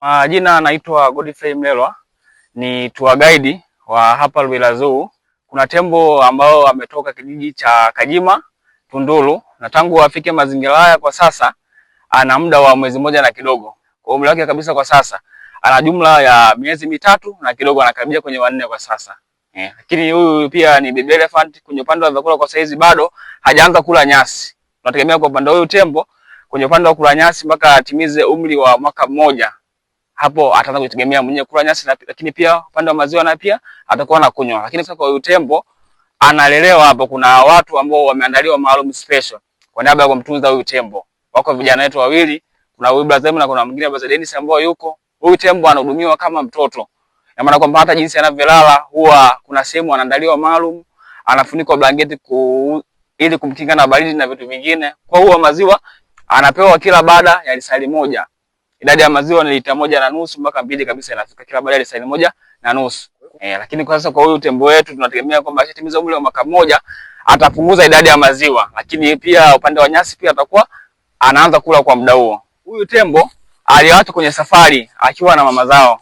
Majina ah, anaitwa Godfrey Mlelwa, ni tour guide wa hapa Luela Zoo. Kuna tembo ambao ametoka kijiji cha Kajima Tunduru, na tangu afike mazingira haya kwa sasa ana muda wa mwezi mmoja na kidogo. Kwa umri wake kabisa kwa sasa ana jumla ya miezi mitatu na kidogo, anakaribia kwenye wanne kwa sasa. yeah. lakini huyu pia ni baby elephant kwenye upande wa vyakula, kwa saizi bado hajaanza kula nyasi. Tunategemea kwa upande huyu tembo kwenye upande wa kula nyasi mpaka atimize umri wa mwaka mmoja hapo ataanza kujitegemea mwenyewe kula nyasi, lakini pia upande wa maziwa na pia atakuwa anakunywa. Lakini sasa kwa huyu tembo analelewa hapo, kuna watu ambao wameandaliwa maalum special kwa niaba ya kumtunza huyu tembo. Wako vijana wetu wawili, kuna huyu Ibrahim na kuna mwingine Brother Dennis ambao yuko. Huyu tembo anahudumiwa kama mtoto. Na maana kwamba hata jinsi anavyolala huwa kuna sehemu anaandaliwa maalum, anafunikwa blanketi ku, ili kumkinga na baridi na vitu vingine. Kwa huwa maziwa anapewa kila baada ya lisali moja. Idadi ya maziwa ni lita moja na nusu mpaka mbili kabisa inafika kila baada ya saa moja na nusu. Eh, lakini kwa sasa kwa huyu tembo wetu tunategemea kwamba akishatimiza umri wa mwaka mmoja atapunguza idadi ya maziwa, lakini pia upande wa nyasi pia atakuwa anaanza kula kwa muda huo. Huyu tembo aliwaacha kwenye safari akiwa na mama zao.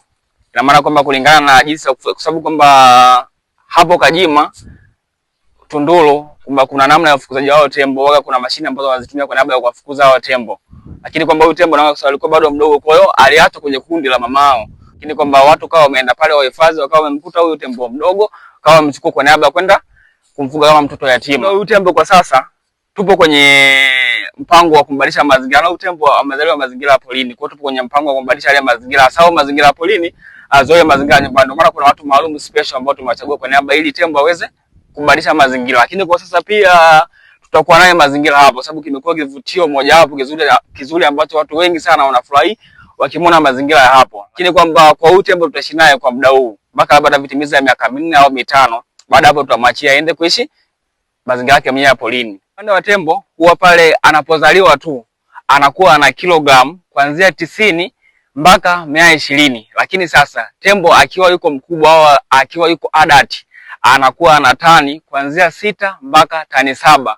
Ina maana kwamba kulingana na jinsi kwa sababu kwamba hapo Kajima Tunduru kwamba kuna namna ya ufukuzaji wa tembo, waga, kuna mashine ambazo wanazitumia kwa namna ya kuwafukuza hao tembo lakini kwamba huyu tembo na alikuwa bado mdogo, kwa hiyo aliachwa kwenye kundi la mamao, lakini kwamba watu kawa wameenda pale wa hifadhi wakawa wamemkuta huyu tembo mdogo, kawa wamechukua kwa niaba kwenda kumfuga kama mtoto yatima. Huyu tembo kwa sasa tupo kwenye mpango wa kumbadilisha mazingira, na huyu tembo amezaliwa mazingira ya polini, kwa hiyo tupo kwenye mpango wa kumbadilisha yale mazingira sawa, mazingira ya polini azoe mazingira nyumbani. Ndio maana kuna watu maalum special ambao tumewachagua kwa niaba, ili tembo aweze kubadilisha mazingira, lakini kwa sasa pia tutakuwa naye mazingira hapo, sababu kimekuwa kivutio wapo kizuri kizuri ambacho watu wengi sana wanafurahi wakimona mazingira ya hapo, lakini kwamba kwa uti ambao tutaishi naye kwa muda huu mpaka labda atatimiza ya miaka minne au mitano, baada hapo tutamwachia aende kuishi mazingira yake mwenyewe ya polini. Upande wa tembo huwa pale anapozaliwa tu anakuwa ana kilogramu kuanzia tisini mpaka mia ishirini, lakini sasa tembo akiwa yuko mkubwa au akiwa yuko adult anakuwa ana tani kuanzia sita mpaka tani saba.